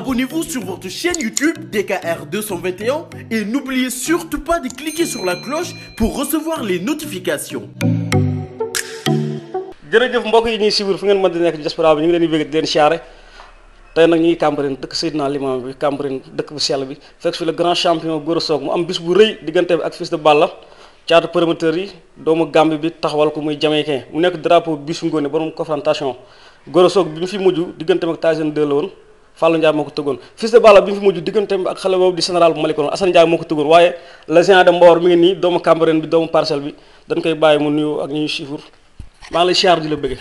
Abonnez-vous sur votre chaîne YouTube DKR 221 et n'oubliez surtout pas de cliquer sur la cloche pour recevoir les notifications. jërëjëf mbokk yi di nekk diaspora bi ñu ngi leen di bëgg di leen siyaare tey nag ñu ngi Cambérène dëkk Seydina Limam bi Cambérène dëkk bu sell bi fekk fi le grand champion Gora Sock mu am bis bu rëy diggante bi ak fils de Balla caatu promoteur yi doomu Gambie bi taxawal ko muy Jamaïcain mu nekk drapeau bisu ngoone borom confrontation Gora Sock bi mu fi mujj digganteem ak Tyson 2 la woon. Fallou Ndiaye moo ko tëggoon fils de bi mu fi mujj diggante ak xale boobu di général bu Malikoon Assane Ndiaye moo ko tëggoon waaye le géant de Mbor mi ngi nii doomu Cambérène bi doomu parcelle bi dañ koy bàyyi mu nuyu ak ñuy chiffre maa ngi lay siyaar di la bëgge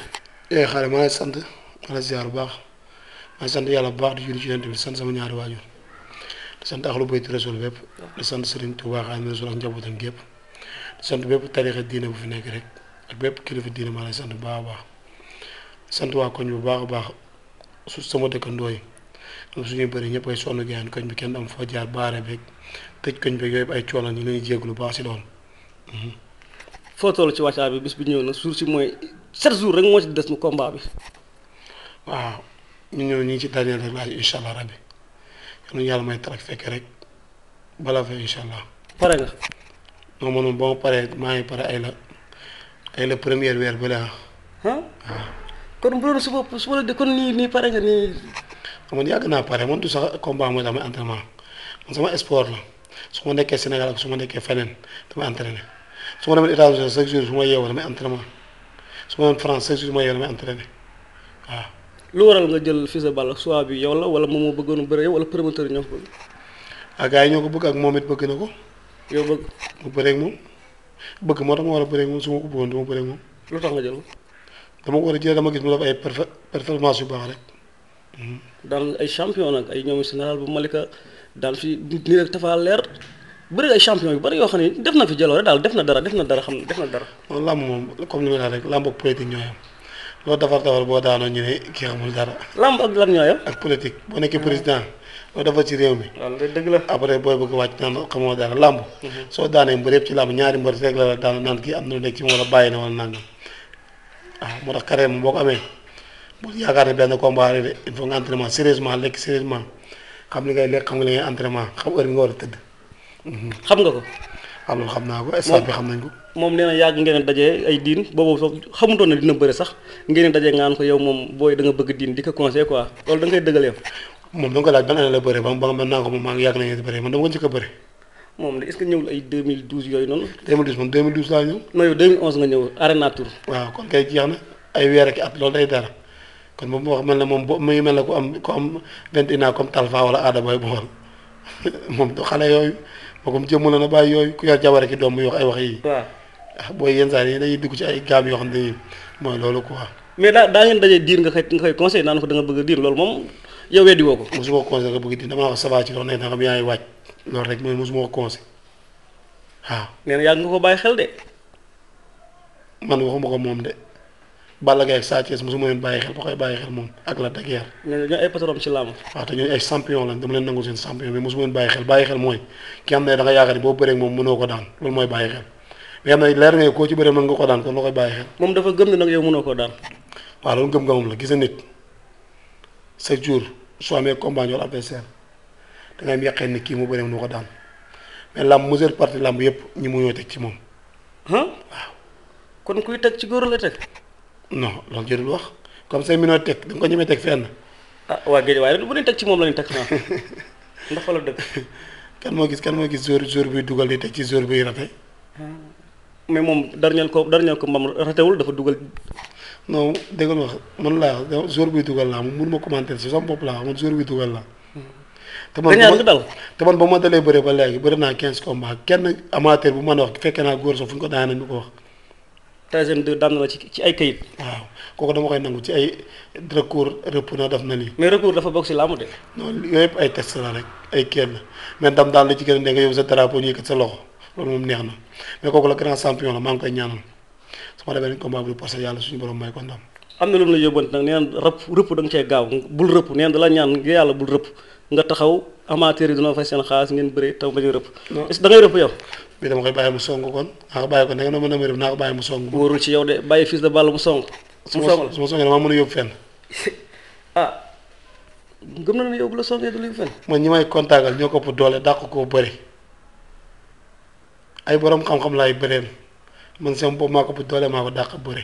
eh maa lay sant maa lay siyaar bu baax maa sant yàlla bu baax di julli ci Yonent bi sant sama ñaari waajur di sant ahlu bayti rasul bépp di sant Serigne Touba Xaadimu Rasuul ak njabootam gépp di sant bépp tarixa diine bu fi nekk rek ak bépp kilifa diine maa lay sant bu baax baax sant waa koñ bu baax a baax su sama dëkkandoo ndooy suñuy bëri ñëpp ay sonn gayaan koñ bi kenn am foo jaar baare beeg tëj koñ beeg yooyu ay coono ñu leen jéeglu baax si loolu. Mhm. foo toll ci wàccaay bi bis bi ñëw na suur si mooy sept jours rek moo ci des mu combat bi. ñu ñëw ñu ngi ci dernier réglage incha allah rabbi yàlla may tarak fekk rek balaa fay incha allah. pare nga. non man maa ngi pare ay la ay la weer ba de kon nii nii pare nga nii. man yàgg naa pare man du sax combat mooy damay entraînement man sama sport la su ma nekkee Sénégal ak su ma nekkee feneen damay entraîné su ma demee États-Unis chaque jour su ma yeewoo damay entraînement su ma demee France su ma yeewoo damay entraîné waaw. lu waral nga jël Fils de Balla soit bi yow la wala moom moo bëggoon bëre wala promoteur ñoo ko bëgg. Ah, yi ñoo ko bëgg ak moom bëgg na ko. yow bëgg. mu bëreeg moom bëgg moo tax ma war a bëreeg moom su ma ko bëggoon du ma bëreeg moom. lu tax nga jël ko. dama ko war a jël dama gis mu def ay performance yu baax rek. Hmm. daan ay champion nag ay ñoom général bu Malika daan fi nii rek Tapha Leer bëri ay champion yu bëri yoo xam ne def na fi jaloore daal def na dara def na dara xam def dara. moom làmb moom comme ni ma la rek làmb ak politique ñooy boo daanoo ñu ne kii dara. làmb ak lan ñooy am. ak politique boo nekkee président ci réew mi. waaw dëgg la après booy bëgg wàcc naan xamoo dara làmb. Mhm. soo daanee mbër ci làmb ñaari mbër rek la daan naan kii am na lu nekk ci moom wala bàyyi na wala nangam ah moo tax carrément boo ko amee. bu yaakaar ne benn combat la de il faut nga entraînement sérieusement lekk sérieusement xam li ngay lekk xam nga li ngay entraînement xam heure bi nga war a tëdd. xam nga ko. waaw ah, loolu xam naa ko instant bi xam nañ ko. moom nee na yàgg ngeen dajee ay diin boobu sax xamutoon na dina bëri sax ngeen dajee ngaan ko yow moom booy da nga bëgg diin di ko conseil quoi loolu da nga koy dëggal yow. moom da nga ko laaj ban année la bëre ba ba man naa ko moom maa ngi yàgg nañu ne bëre man dama ko njëkk a bëre. moom la est ce que ñëwul ay 2012 yooyu noonu. 2012 man 2012 laa ñëw. non yow 2011 nga ñëw Arena Tour. waaw kon kay jeex na ay weer ak at loolu day dara. kon moom moo xam ne moom bo mel na ku am ku am vingt et un comme Talfa wala Adama bool moom du xale yooyu boo ko jëmm la na bàyyi yooyu ku yor jabare ki doom muy wax ay wax ah, saa yi dañuy dugg ci ay gaam yoo xam ne mooy loolu quoi. mais daa daa ngeen dajee diir nga xëy nga koy conseil naan ko da nga bëgg a diir loolu moom yow weddi woo ko. mosuma ko conseil nga bëgg diir damaa wax savaa ci loolu nekk na xam yaa ngi wàcc loolu rek mooy ma ko conseil waaw. nee na yàgg nga ko bàyyi xel de. man waxuma ko moom de. Balla Gaye ak Sa Thiès mosuma leen bàyyi xel ba koy bàyyi xel moom ak la dëgg yàlla. nee ay patron ci làmb. waaw te ñooñu ay champion lañ dama leen nangu seen champion mais mosuma leen bàyyi xel bàyyi xel mooy ki xam ne da nga yaakaar ni boo bëree moom mënoo ko daan loolu mooy leer nga koo ci bëree mën nga ko daan kon la koy bàyyi xel. moom dafa gëm ne nag yow mënoo ko daan. waaw loolu gëm-gëmam la gis nit chaque jour soo amee combat wala adversaire da ngay yàqee ni kii mu bëree mënoo ko daan mais yëpp ñi mu ñoo teg ci moom. waaw kon kuy teg ci góor la teg non loolu jërul wax comme say mënoo teg da nga ko ñemee teg fenn. ah waa géej waaye bu leen teg ci moom la ñu teg ndax fa la dëgg. kan moo gis kan moo gis jour jour buy dugal di teg ci jour buy rate. mais moom dernier ko dernier ko moom ratewul dafa dugal. non dégg nga wax man laa wax jour buy dugal si sama bopp laa wax man jour buy dugal laa. Hmm. te man dal te man ba ma dalee bëre ba léegi bëri naa quinze combat kenn amateur bu mën a wax fekkee naa góor sax fu ñu ko daanee ñu ko wax. troisième de daan na la ci ci ay kayit. waaw kooku dama koy nangu ci ay recours rëpp na def na nii. mais recours dafa bokk de. non yooyu yëpp ay test la a ne nga yóbbu sa kooku la grand champion la maa ngi koy ñaanal su ma demee bu parce que yàlla rëpp rëpp da ñaan nga yàlla bul rëpp nga taxaw. amateur yi dañoo fay seen xaalis ngeen bëree taw ba ñu rëpp. est-ce da ngay rëpp yow. bii dama koy bàyyi mu song kon naa ko bàyyi ko nekk na mën a rëpp naa ko bàyyi mu song. wóorul ci yow de bàyyi fils de balle mu a yóbbu fenn. Ah, gëm na ne yow la songee du la yóbbu fenn. man ñi may contactal ñoo ko ëpp doole dàq koo bëri ay borom xam-xam laay bëreen man sama bopp maa ko ëpp doole maa ko dàq bëri.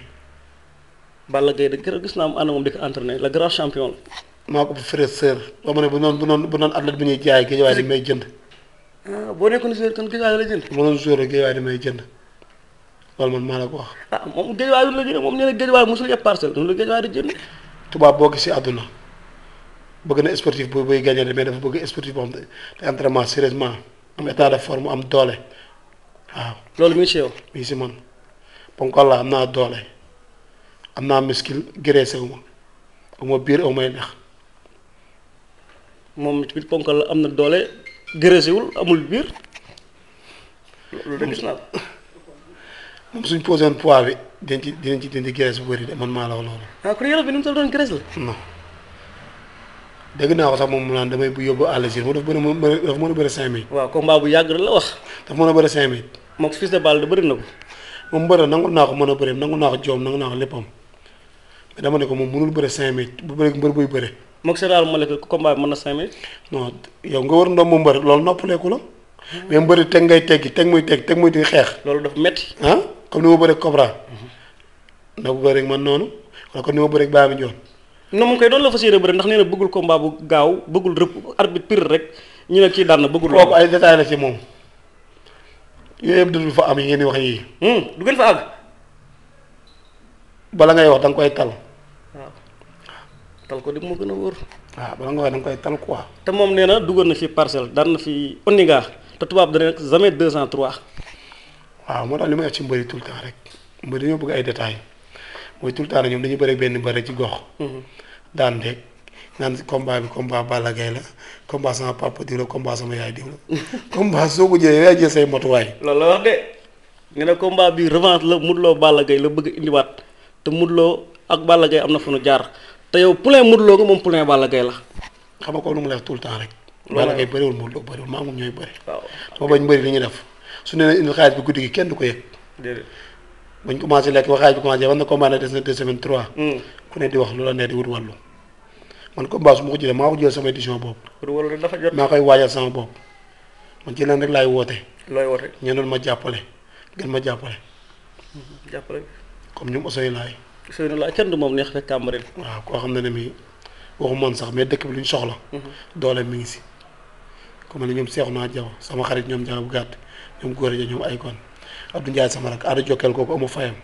Balla Gaye de gis naa mu ànd moom di ko entraîné grand champion la maa ko bu frère sœur ba mu ne bu noonu bu noonu bu noonu athlète bi ñuy jaay géejawaay di ah, boo nekkoon joueur kon géejawaay la jënd. bu noonu joueur géejawaay di may jënd maa la ko wax. ah moom géejawaay yëpp parcelle noonu la géejawaay tubaab boo gisee àdduna bëgg na sportif bu buy gagné bëgg sportif boo xam ne te entraînement sérieusement am état am doole loolu mi si yow. mi si man am naa doole am naa muscle graissé wu ma aw ma biir aw may neex. moom tamit ponkal la am na doole gërësewul amul biir loolu de gis naa ko moom suñ posé woon poids bi dinañ ci dinañ ci dindi bu bëri de man maa la wax loolu. ah kon yaram naa ko sax moom mu naan damay bu yóbbu à l'agir mu def mën a mën dafa mën a bëri cinq mille. waaw combat bu yàgg la wax. dafa mën a bëri cinq mille. moom fils de balle de bëri na ko. moom mën bëri nangu naa ko joom nangu dama ko moom mënul bëri cinq mille bu bëri mbër buy bëri. moog Général Malika combat bi mën na cinq minutes. non yow nga war ndomb mbër loolu noppaleeku la. mais mbëri teg ngay teggi teg muy teg teg muy di xeex. loolu dafa métti. ah comme ni ma bëreeg Cobra. ko man noonu wala comme ni ma bëreeg Baami Ndiol. non moom kay doon la fas yéene bëri ndax nee bëggul combat bu gaaw bëggul rëpp arbitre pire rek ñu ne kii daan na bëggul. kooku ay détails la ci moom yooyu yëpp dëgg fa am yi ngeen di wax yii. Hmm, du gën fa àgg. bala ngay wax da koy tal. tal ko di moo gën a wóor. waaw ah, bala nga wax da nga koy tal quoi. te moom nee na duggoon na fi parcelle daan na fi Oniga te tubaab dana nekk jamais 203. moo li may ci mbëri tout rek mbëri dañoo bëgg ay détails mooy tout le temps rek ñoom dañuy bëri benn bëri ci gox. Mhm. daan rek naan combat bi combat Balla Gaye la combat sama papa diw combat sama yaay diw combat soo ko jëlee yaay jël say motuwaay. loolu la wax de nga ne combat bi revanche la Modou loo Balla Gaye la bëgg indiwaat te Modou loo ak Balla Gaye am na fu nu jaar. te yow poulain Modou Lo nga moom poulain Balla Gaye la. xam nga ko lu mu lay tout le temps rek. Balla Gaye bëriwul Modou Lo bëriwul maa moom ñooy bëri. waaw dama bëri li ñuy def su ne indi xaalis bi guddi gi kenn du ko yëg. déedéet buñ commencé lekk wax xaalis bi commencé war na combat ne des na deux semaines trois. Hmm. ku ne wax loola ne di wut wàllu. man combat su ma ko jëlee maa ko jël sama édition boobu. wut wàllu dafa jot maa koy waajal sama bopp. ma ci leen rek laay woote. looy woote ñeneen ma jàppale gën ma jàppale. Hmm. jàppale comme mu Ousseynou laay Ousseynou laa kenn du neex rek Cambérène. waaw koo xam ne ne mii waxumoon sax mais dëkk bi lu ñu soxla. Mhm. doole mi ngi si. comme ne ñoom seexu naa jaw sama xarit ñoom jaw bu gàtt ñoom góor ja ñoom ay kon Abdou Ndiaye sama rak aada jokkeel kooku amu fayam.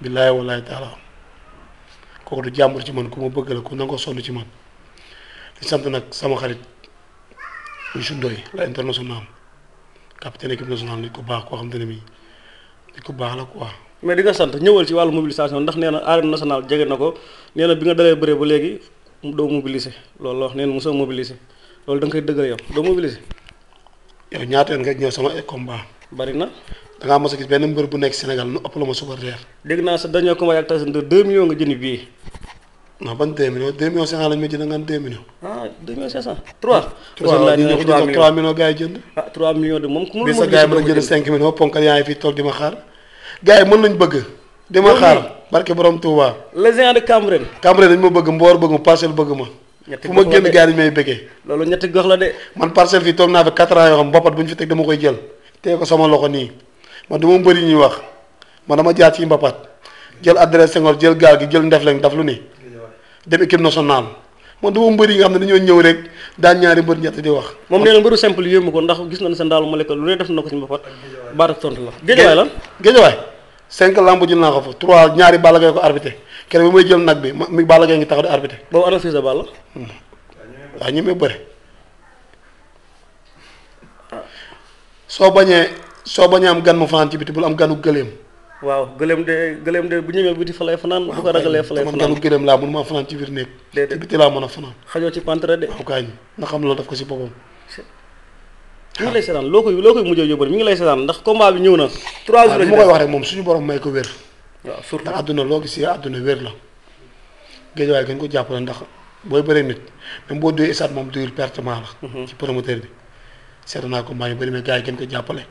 billaay walaay taala kooku du jàmbur ci man ku ma bëgg la ku nangoo sonn ci man di sant nag sama xarit Youssou Ndoye la international capitaine équipe nationale nit ku baax koo xam te ne mii nit ku baax la quoi. mais di sant ñëwal ci wàllu mobilisation ndax nee na nationale jege na ko nee na bi nga dalee bëre ba léegi doo mobiliser loolu la wax mosoo mobiliser loolu da nga koy dëggal yow doo mobiliser. yow ñaata yoon nga ñëw sama na. da ngaa nekk Sénégal nu ëpp la naa sa dañoo combat ak Tyson 2 2 bii. ma jënd nga 2 millions. ah 2 millions 500. 3. 3 millions jënd. ah 3 millions moom ku mu mën a jënd a jënd 5 millions ponkal yaa fi toog di ma xaar. gars yi mën nañ bëgg. dama xaar barke borom Touba. les gens de Cambérène. Cambérène dañ ma bëgg Mboor bëgg ma parcelle bëgg ma. ñetti fu ma génn gars yi may bëggee. loolu ñetti gox la de. man parcelle fii toog naa fi quatre ans yoo xam boppat bu ñu fi teg dama koy jël tee ko sama loxo nii man du ma mbëri ñuy wax man dama jaar ci mbapat jël adresse Senghor jël yi nga xam ne dañoo ñëw rek daan ñaari mbër ñett di wax. moom nee na mbëru simple yéemu ko ndax gis nañ sa ndaalu ma lekk lu ne def na ko ci mbapat baatu la. cinq lamb jël naa ko fa trois ñaari Balla Gaye ko arbitré keneen bi may jël nag bi mi Balla Gaye ngi taxaw di arbitré. boobu ana Fils de Balla. Hmm. waaw ñemee bëre soo bañee soo bañee am gan mu fanaan ci biti bul am ganu gëleem. waaw gëleem de gëleem de bu ñëwee biti fa lay fanaan. bu ko ah, ragalee fa lay fanaan ganu gëleem laa mun maa fanaan ci biir néeg. déedéet ci biti laa mën a fanaan. xajoo ci pantre de. waaw kay na xam loolu def ko si boppam. mi ngi lay seetaan loo koy loo koy mujjee yóbbu mi ngi lay seetaan ndax combat bi ñëw na. trois jours mu koy wax rek moom suñu borom may ko wér. waaw surtout ndax àdduna loo gisee àdduna wér la. géej waaye gën ko jàppale ndax booy bëri nit même boo duyee isaat moom duyul pertement la. Mhm. ci promoteur bi. seet naa combat yu bëri mais gars yi gën ko jàppale.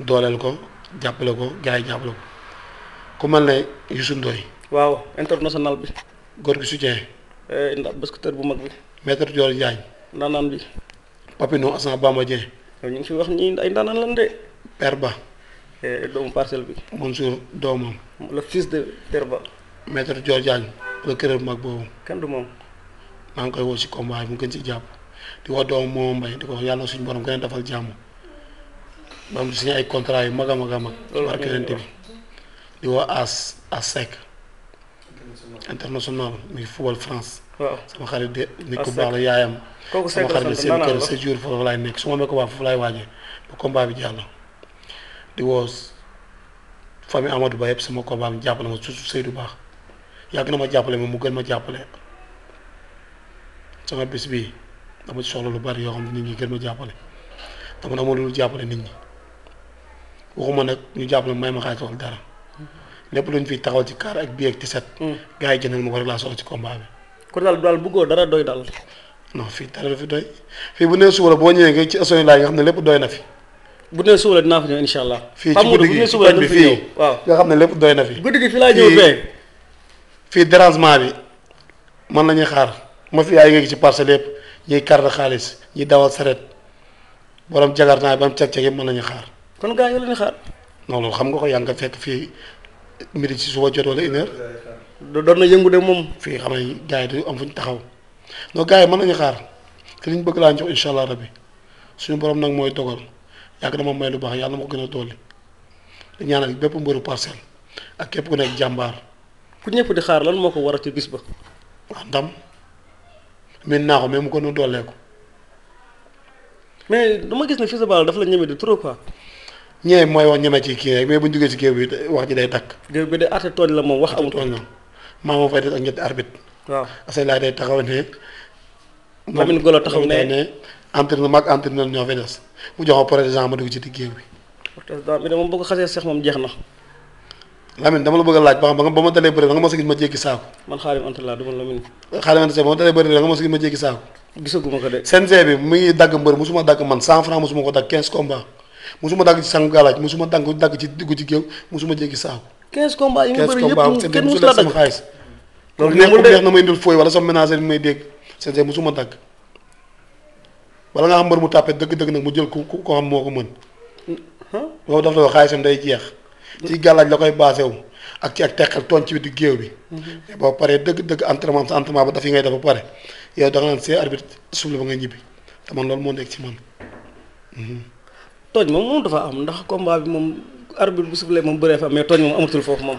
dooleel ko jàppale ko gaa yi jàppale ko ku mel ne Youssou Ndoye. waaw international bi. góor gi soutien. Eh, ndax basketteur bu mag bi. maître Dior Diagne. ndaanaan bi. Papino Assane Bamba Dieng. ñu ngi fi wax ñii ay ndaanaan lan de. Père Ba. Eh, doomu parcelle bi. Mansour doomam. le fils de Père Ba. maître Dior Diagne le kër mag boobu. kenn du moom. maa ngi koy woo si combat bi mu gën si jàpp di wax doomu moom Mbaye di ko wax yàlla na suñu borom gën a defal jàmm ba mu signé ay contrat yu mag a mag a mag. loolu bi di woo As As Seck. international muy football France. waaw sama xarit de nit ku baax la yaayam. kooku sama xarit de seen kër sa jour foofu laay nekk su ma mee ko baax foofu laay waajee ba combat bi jàll. di woo famille Amadou Ba yëpp sama combat bi jàppale ma surtout Seydou Baax yàgg na ma jàppale moom mu gën ma jàppale sama bis bi dama ci soxla lu bari yoo xam nit ñi gën ma jàppale dama dama lu jàppale nit ñi waxuma nag ñu jàppale may ma xaaj wala dara mhm. lépp luñ fi taxaw ci kaar ak bii ak ti set. Mm. gars yi jëndal ma ko rek laa ci combat kon daal daal bëggoo dara doy daal. non fii dara doy fii bu nee suba la boo ñëwee nga ci asoy laay nga xam ne lépp doy na fi. bu nee suba la dinaa fa ñëw incha allah. fii ci guddi gi ci koñ bi fii waaw nga xam ne lépp doy na fi. guddi gi fi laa ñëw fee. fii dérangement bi mën nañu xaar ma fi ay ngi ci parcelle yëpp ñuy carte xaalis ñuy dawal saret borom jagartaay ba mu ceg-ceg yëpp mën nañu xaar. kon gaa yi la xaar. non loolu xam nga ko yaa nga fekk fii midi ci suba jot wala une doon na yëngu de moom fii xam ne gars yi du am fuñ taxaw non gars yi mën nañu xaar te liñ bëgg laa jox incha allah rabbi suñu borom nag mooy dogal yàgg dama may lu baax yàlla na ma ko gën a dolli mbëru parcelle ak képp ku nekk jàmbaar. ku ñëpp di xaar lan moo ko war a ci bis ba. waaw ndam ko mais mu gën a dooleeku. mais dama la ñeme di trop quoi. ñee mooy wax ñeme ci kii rek wax ji day takk. géew la wax amul tooñ maa moo fay des ak ñetti arbitre. waaw Assane laay day taxaw ne. Lamine Golo taxaw ne ne entraîneur mag entraîneur ñoo fay des jox ko ma ci digg géew bi. waaw bi de moom boo ko jeex na. Lamine dama la bëgg a laaj ba xam ba ma dalee bëri da nga mos a gis ma jéggi saako. man ma gisaguma ko de. CNG bi mu dagg mbër musuma dagg man cent franc suma ko dagg quinze combat musuma dagg ci sangu galaaj musuma dagg dagg ci dugg ci géew musuma jéggi saako. quinze combat yi mu bëri yëpp kenn musu la dagg loolu neexul de na may indil fooy wala sama ménager bi may dégg CNG musuma dagg wala nga xam mbër dëgg-dëgg nag mu jël ku ko xam moo ko mën. boobu dafa doon xaalisam day jeex. ci gàllaaj la koy basé wu ak ci ak teqal tooñ ci biir géew bi. mais mm-hmm. boo dëgg-dëgg entraînement sa ba daf yi ngay def ba pare yow da nga naan see arbitre suuf la ba nga ñibbi moo nekk ci man. Mm-hmm. tooñ moom moom dafa am ndax combat bi moom arbitre bu suuf lee moom bëree fa am mais tooñ moom amatul foofu moom.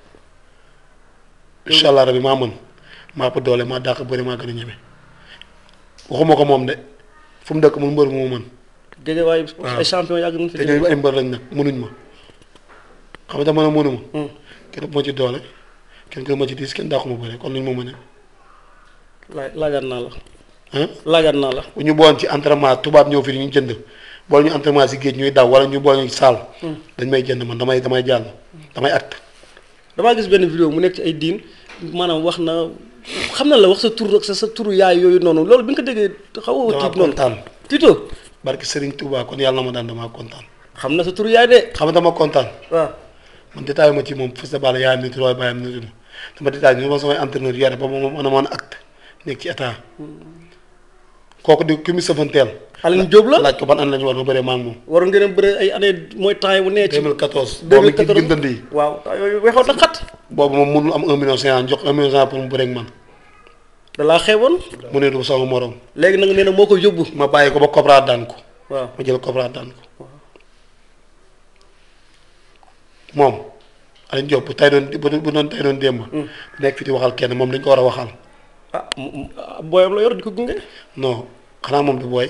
incha allah rabi maa mën ma ëpp doole maa dàq bëri ma gën a ñeme waxuma ko moom de fu mu dëkk mu mbër moo mën. géej waaye ay yàgg nañ fi te ñooñu ay mbër lañ nag mënuñ ma xam nga dama ne mënu ma. Hmm. kenn ëpp ma ci doole kenn gën ma ci diis kenn dàqu ma bëri kon luñ ma mënee. laaj laajaat naa la. laajaat naa la. bu ñu boon ci entraînement tubaab ñëw fi ñu jënd boole ñu entraînement si géej ñuy daw wala ñu boole ñu saal. Hmm. dañ may jënd man damay damay jàll hmm. damay at. damaa gis benn vidéo mu nekk ci ay diin maanaam wax na xam na la wax sa tur ak sa sa turu yaay yooyu noonu loolu bi nga ko déggee xaw a tiit noonu kontaan tiito barke Serigne Touba kon yàlla na ma daan damaa kontaan xam na sa turu yaay de xam na dama kontaan waaw man détaillé ma ci moom fës da balla yaayam nitu waaye bàyyam nitu dama détaillé ñu ma samay entraîneur yare ba moom mën a mën nekk ci état kooku di ki mu sëfanteel. Aline Diop la laaj ko ban année la ñu war a bëree maa ngi moom. waroon ngeen a bëree ay année mooy temps yi mu nee ci. 2014 2014 boobu gindandi yi. waaw yooyu weexoon na xat. boobu moom mënul am 1 million 500 jox 1 million 500 pour mu bëree ak man. da laa xewoon. mu ne du sama morom. léegi nag nee na moo ko yóbbu. ma bàyyi ko ba Cobra daan ko. waaw ma jël Cobra daan ko. moom Aline Diop bu tay doon bu doon tay doon démb. Hmm. nekk fi di waxal kenn moom dañ ko war a waxal. ah booyam la yor di ko gunge. non xanaa moom di booy.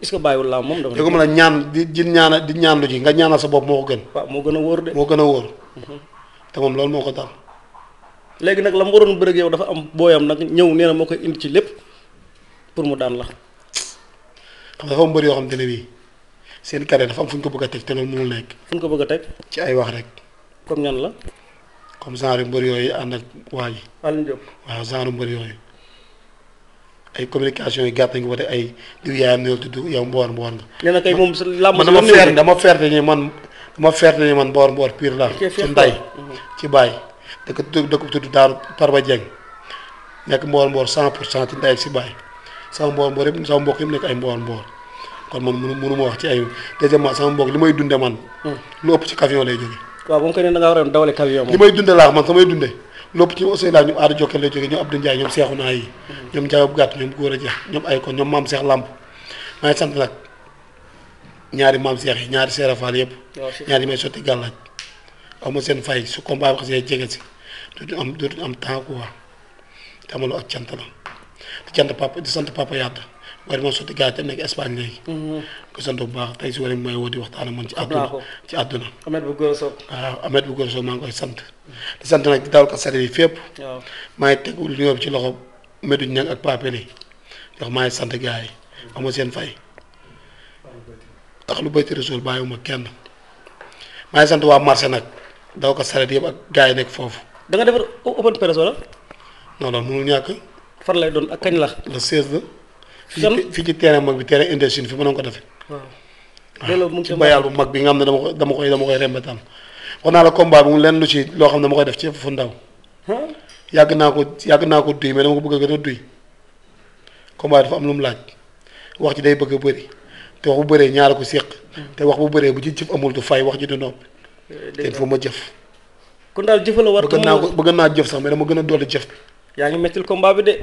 est-ce que bàyyiwul laa moom dafa. da ko mën a ñaan di di ñaan di ñaan lu ji nga ñaanal sa bopp moo ko gën. waaw moo gën a wóor de. moo gën a wóor. Mhm. te moom loolu moo ko dal. léegi nag la mu waroon bëreeg yow dafa am booyam nag ñëw nee moo koy indi ci lépp pour mu daan la. xam dafa am bëri yoo xam te ne bii seen carré dafa am fu ñu ko bëgg a teg te loolu mënul nekk. fu ñu ko bëgg a teg. ci ay wax rek. comme ñan la. comme genre mbër yooyu ànd ak waa waaw genre mbër yooyu. ay communication yi gàtt nañ ay diw tudd yow mboor mboor nga. nee na kay moom làmb man fer dama ferte ni man dama ferte ni man mboor mboor pire la ci nday mhm. ci bàyyi dëkk dëkk tudd daaru Parba Dieng nekk mboor mboor cent pour cent ci nday ak si bàyyi sama mboor mboor yëpp sama mbokk yëpp nekk ay mboor mboor kon man mënu mënu ma wax ci ay deuxièmement sama mbokk li may dunde man. Mhm. lu ëpp ci camion lay jóge waaw moom ko ne da ngaa waroon dawale li may dunde laax man samay dunde lépp ci Ousseynou laa ñoom aada jokkee lay jógee ñoom Abdou Ndiaye ñoom seexu naa yi mm. ñoom Ndiaye bu gàtt ñoom góor a jeex ñoom ay kon ñoom maam seex làmp maa ngi sant ñaari maam seex yi ñaari seerafaal yëpp ñaari may sotti gàllaaj aw ma seen fay su combat wax jege si dootuñu am dootuñu am temps te amalu ak cant la di cant papa di sant papa yàtta waaye moo sotti gars yi te nekk Espagne léegi. Mm-hmm. ko sant bu baax tey si wàllum may woo di waxtaan ak man. ci àdduna ci àdduna. Ahmed bu Gora Sock. waaw Ahmed bu Gora Sock maa ngi koy sant. di sant nag dawal ko sare yi fépp. waaw maa ngi tegu lu ci loxo Medou Niang ak Pape Lé ndax sant gars yi. amoo seen fay. ndax lu bëri réseau bi bàyyiwuma kenn. maa sant waa marché nag dawal ko sare yëpp ak gars yi nekk foofu. da nga defar open presse wala. non non ñàkk. far lay doon ak kañ la. le la. fii ci terrain mag bi terrain industrie fi mënoon ko defe waaw ci bayaal bu mag bi nga xam ne dama ko dama koy dama koy rembetaan wax naa la combat bi mu leen lu ci loo xam ne dama koy def ci fu ndaw yàgg naa ko yàgg naa ko duy mais dama ko bëgg a gën a duy combat dafa lu mu laaj wax ci day bëgg a bu bëree ñaara ko séq hmm. te wax bu bëree bu ci jëf amul du fay wax ji du noppi eh, te il ma jëf kon daal jëfala war bëgg naa ko bëgg naa jëf sax mais dama gën a dolli jëf bi yaa ngi mettil combat bi de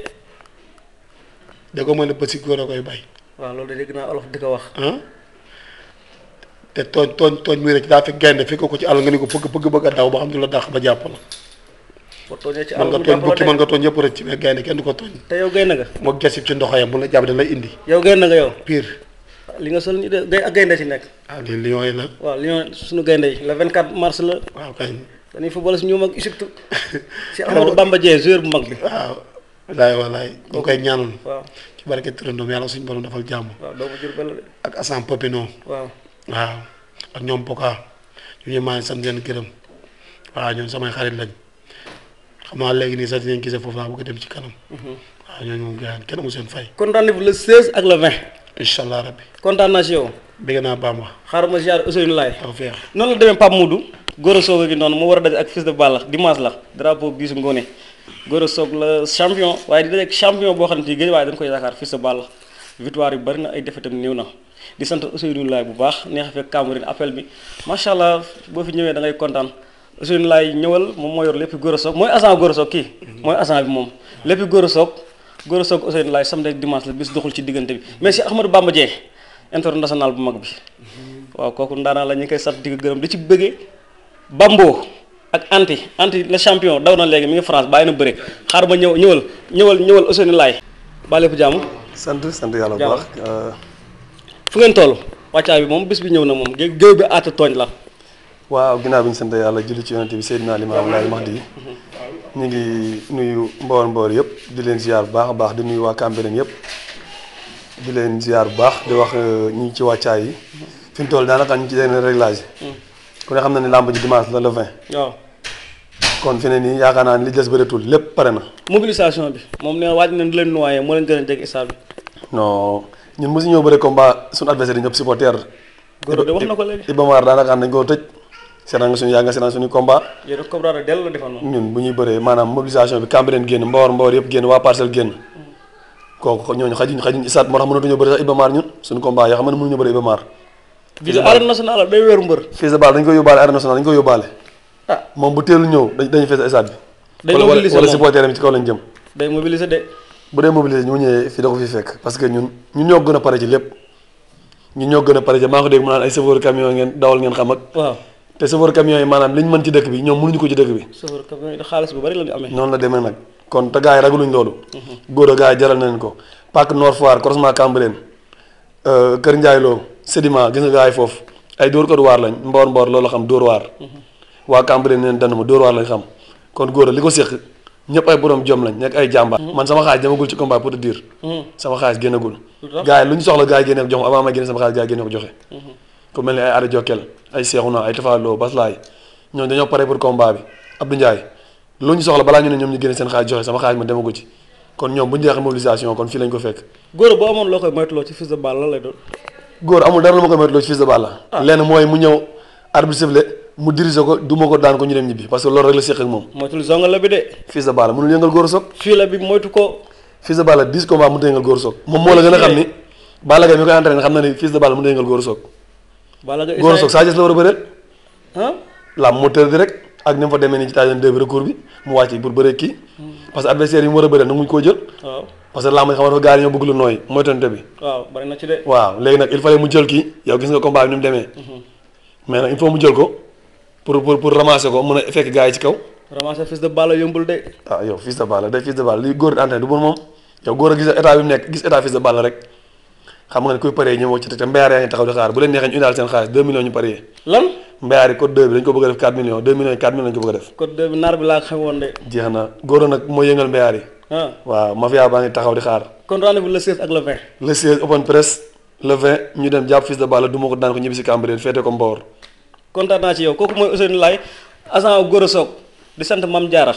da ko mën a bësi góor a koy bay. waaw loolu dégg naa olof di ko wax. te tooñ tooñ tooñ muy rek daa fekk gaynde fekk ko ci àll nga ni ko bëgg bëgg bëgg a daw ba xam du la dàq ba jàpp la. ba tooñee ci àll nga tooñ mën nga tooñ yëpp ci mais gaynde kenn du ko tooñ. te yow gaynde nga. moo gesib ci ndoxo yam bu la jàpp da lay indi. yow gaynde nga yow. pire. li nga sol nii de gay ak gaynde ci nekk. ah li lion yi la. waaw lion suñu gaynde yi le 24 mars la. waaw kañ. dañuy football si ñoom ak Égypte. si Amadou Bamba Dieng joueur mag bi waaw wallaay wallaay koo koy ñaanal. waaw ci barke turandoom yàlla suñu borom defal jàmm. waaw doomu Jurbel la de. ak Assane Papino. waaw ak ñoom Boka ñu ñu maa ngi sant leen gërëm waaw samay xarit lañ xam naa léegi nii sax dinañ gisee foofu laa bëgg dem ci kanam. Mhm. waaw ñooñu moom gars kenn mu seen fay. kon rendez-vous le 16 ak le 20. incha allah rabbi kontaan naa si yow. bëgg naa Bamba. xaaral ma ziar Ousseynou Laye. tawfeex noonu la demee Pape Moudou. Gora Sow gi noonu mu war a daje ak fils de Balla dimanche la drapeau bisu ngoone Gora Sock la champion waaye di rek champion boo xamante ni gëj waaye dañ koy yaakaar fii sa Balla victoire yu bëri na ay défaitam néew na di sant Ousseynou Laye bu baax neex a fekk Cameroun appel bi macha allah boo fi ñëwee da ngay kontaan Ousseynou Laye ñëwal moom moo yor lépp Gora Sock mooy agent Gora Sock kii mooy agent bi moom lépp Gora Sock Gora Sock Ousseynou Laye samedi ak dimanche la bis doxul ci diggante bi mais si Ahmadou Bamba Dieng international bu mag bi waaw kooku ndaanaa la ñu koy sant di ko gërëm di ci bëggee Bambo ak anti anti la champion daw na léegi mi ngi France bàyyi na bëre xaar ma ñëw ñëwal ñëwal ñëwal Ousseynou Laye ba lépp jàmm sant sant yàlla bu baax euh, fu ngeen toll wàccaay bi moom bis bi ñëw na moom géew bi aata tooñ la waaw ginnaaw bi ñu sant yàlla julli ci yonent bi Seydina Limaamu Laay di ñu ngi nuyu mboor mboor yëpp di leen ziar bu baax a baax di nuyu waa Cambérène yëpp di leen ziar bu baax di wax euh, ñu ngi ci wàccaay yi fi mu toll daanaka ñu ku ne xam na ni làmb ji dimanche la le 20. waaw kon fi ne nii yaakaar naa ni li des bëreetul lépp pare na. mobilisation bi. moom nee na waaj nañ leen noyé moo leen gën a jege stade bi. non ñun mosu ñëw bëre combat suñu adversaire yi ñëpp supporter. góor de wax na ko léegi Iba Mar daanaka dañ bu ñuy bëree maanaam mobilisation bi Cambérène génn Mbawar Mbawar yëpp génn waa parcelle génn. Mm. kooku ñooñu xajuñ xajuñ isaat moo tax mënatuñu bëri sax Iba Mar ñun suñu combat yoo xam ne mënuñu bëri Iba visa dañ koy yóbbaale ah. moom bu teelu ñëw dañ fees stade bi. day mobiliser wala ci kaw lañ jëm. day mobiliser de. bu dee mobiliser ñu ñëwee fii da ko fi fekk parce que ñun ñun ñoo gën a pare ci lépp ñun ñoo gën a pare ci maa ko dégg mu naan ay chauffeur camion ngeen dawal ngeen xam te chauffeur camion yi maanaam liñ mën ci dëkk bi ñoom mënuñu ko ci dëkk bi. xaalis bu bari la amee. noonu la demee nag kon te gars yi ragaluñ loolu. Mhm. góor a gars jaral nañ ko. sédiment gis nga gars yi foofu ay dóor kër waar lañ mboor mboor loolu xam dóor waar mhm. waa Cambérène neen danu ma dóor waar lañ xam kon góor a li ko séq ñëpp ay borom jom lañ nekk ay jàmbaar mhm. man sama xaalis demagul ci combat pour te dire mhm. sama xaalis génnagul gars yi lu ñu génne sama xaalis gars génne joxe ku mel ni ay Ada Jokkel ay Seexuna ay Tafaloo Baslaay ñoom dañoo pare pour combat bi Abdou Ndiaye lu ñu soxla balaa ñoom ñu génne seen xaalis joxe sama xaalis man demagul ci kon ñoom góor amul dara lu ma koy moytu loolu fils de Balla ah. lenn mooy mu ñëw arbitre sifflé mu diriger ko duma ko daan ko ñu dem ñibbi parce que loolu rek la séq ak moom moytul zongal la bi de fils de Balla mënul yëngal góor soog fii la bi moytu ko moom moo la gën a xam ni eh. Balla Gaye mi koy entraîné xam na ni fils de Balla mënut a yëngal góor soog góor soog saa gis la war a bëreel ah la moteur bi rek ak ni mu fa demee ni ci taajeen deux bi mu wàcc pour bëree kii hmm. parce que adversaire yi mu war a bëreel nanguñ koo jël parce que lamb ji xam nga gars yi ñoo bëgg lu nooy mooy tonte bi. waaw bari na ci de. waaw léegi nag il fallait mu jël kii yow gis nga combat bi ni mu demee. Mhm. mais nag il faut mu jël ko pour pour pour ko mën a fekk gars yi ci kaw. ramasser fils de Balla yombul de. waaw ah, yow fils de Balla day fils de Balla li góor di entraîné du bon moom yow góor a gis état bi mu nekk gis état fils de Balla rek xam nga ne kuy paree ñëw ci te mbayaar yaa ngi taxaw di xaar Ah. waaw mafia baa ngi taxaw di xaar. kon rendez-vous le 16 ak le 20. le 16 open press le 20 ñu dem jàpp Fils de Balla du ma ko daan ko ñibbi si Cambérène féete ko Mbawar. kontaan naa ci yow kooku mooy Ousseynou Laye agent Gora Sock di sant Mame jaara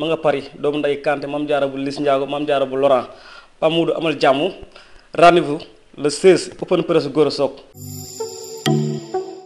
ma nga Paris doomu nday kante Mame Diarra bu Liss Ndiago Mame jaara bu Laurent Pape Moudou amal jàmm rendez-vous le 16 open press Gora Sock.